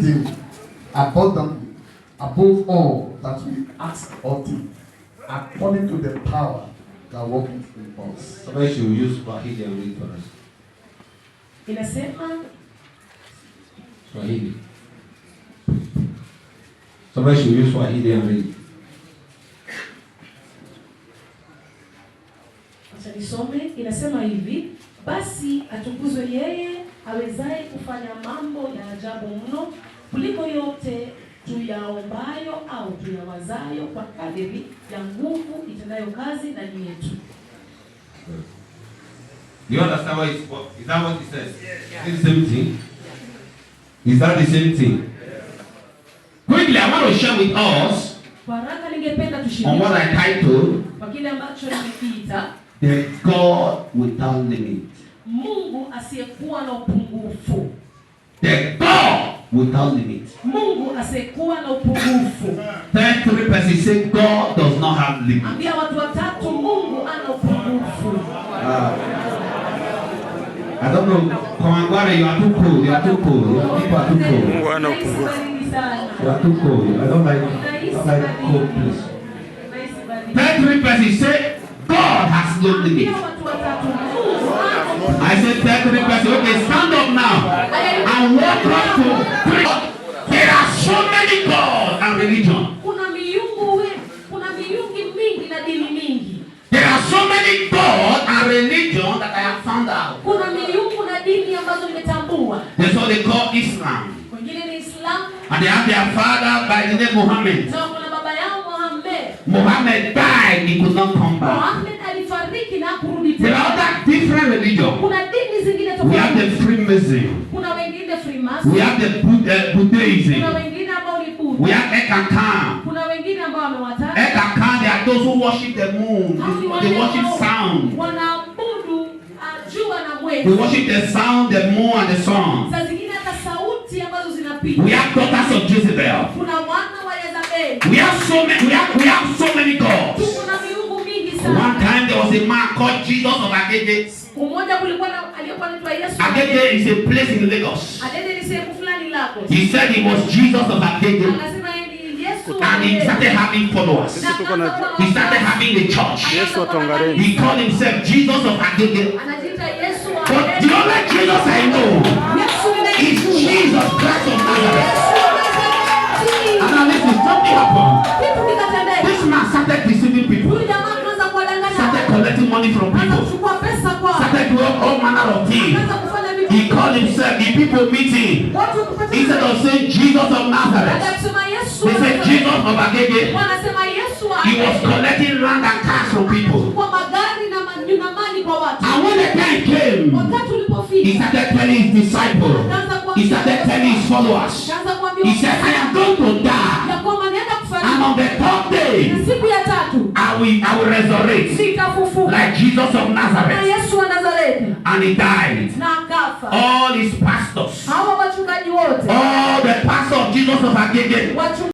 see abundantly above all that we ask or think, according to the power that works in us. Somebody should use Swahili and read for us. In Inasema Swahili. Sometimes you use Swahili and read. Acha nisome, inasema hivi, basi atukuzwe yeye awezaye kufanya mambo ya ajabu mno kuliko yote tuyaombayo au tuyawazayo, kwa kadiri ya nguvu itendayo kazi ndani yetu. You understand what is, what, is that what says? Is the same thing? Is that the same thing? Quickly, I want to share with us on what I titled The God Without Limit. Mungu asiyekuwa na upungufu. The God without limit. Mungu asiyekuwa na upungufu. Then three persons say God does not have limit. Ambia watu watatu Mungu ana upungufu. Ah. I don't know. Come on, Kawangware, you are too cool. You are too cool. You are people are too cool. You are too cool. I don't like, don't like cold, please. Tell three persons say God has no limit. I said, tell to the person, okay, stand up now and walk up to three. There are so many gods and religion. There are so many gods and religion that I have found out. Kuna miungu That's what they call Islam. And they have their father by the name Muhammad. Muhammad died, he could not come back different religion. Kuna dini zingine tofauti. We have the Freemason. Kuna wengine Freemason. We have the eh, Buddhism. Kuna wengine ambao ni Buddha. We have Eka Khan. Kuna wengine ambao wamewataka. Eka they are those who worship the moon. They worship sound. Wanaabudu ah, jua na mwezi. They worship the sound, the moon and the sun. Sasa zingine hata sauti ambazo zinapiga. We have daughters of Jezebel. Kuna wana wa Jezebel. We have so many we have, we have so many gods. One time there was a man called Jesus of Agedes. Mmoja kulikuwa na aliyekuwa anaitwa Yesu. Agege is a place in Lagos. Agege ni sehemu fulani Lagos. He said he was Jesus of Agege. Anasema And he started having followers. He started having a church. He called himself Jesus of Agege. But the only Jesus I know is Jesus Christ of Nazareth. And now listen, something happened. This man started deceiving people. Started collecting money from people to all, all manner of things. He called himself the people meeting. Instead of saying Jesus of Nazareth, they said Jesus of Agege. He was collecting land and cash from people. And when the time came, he started telling his disciples, he started telling his followers, he said, I am going to die. And on the third day, I will, I will resurrect like Jesus of Nazareth and he died. All his pastors, all the pastors of Jesus of Agege,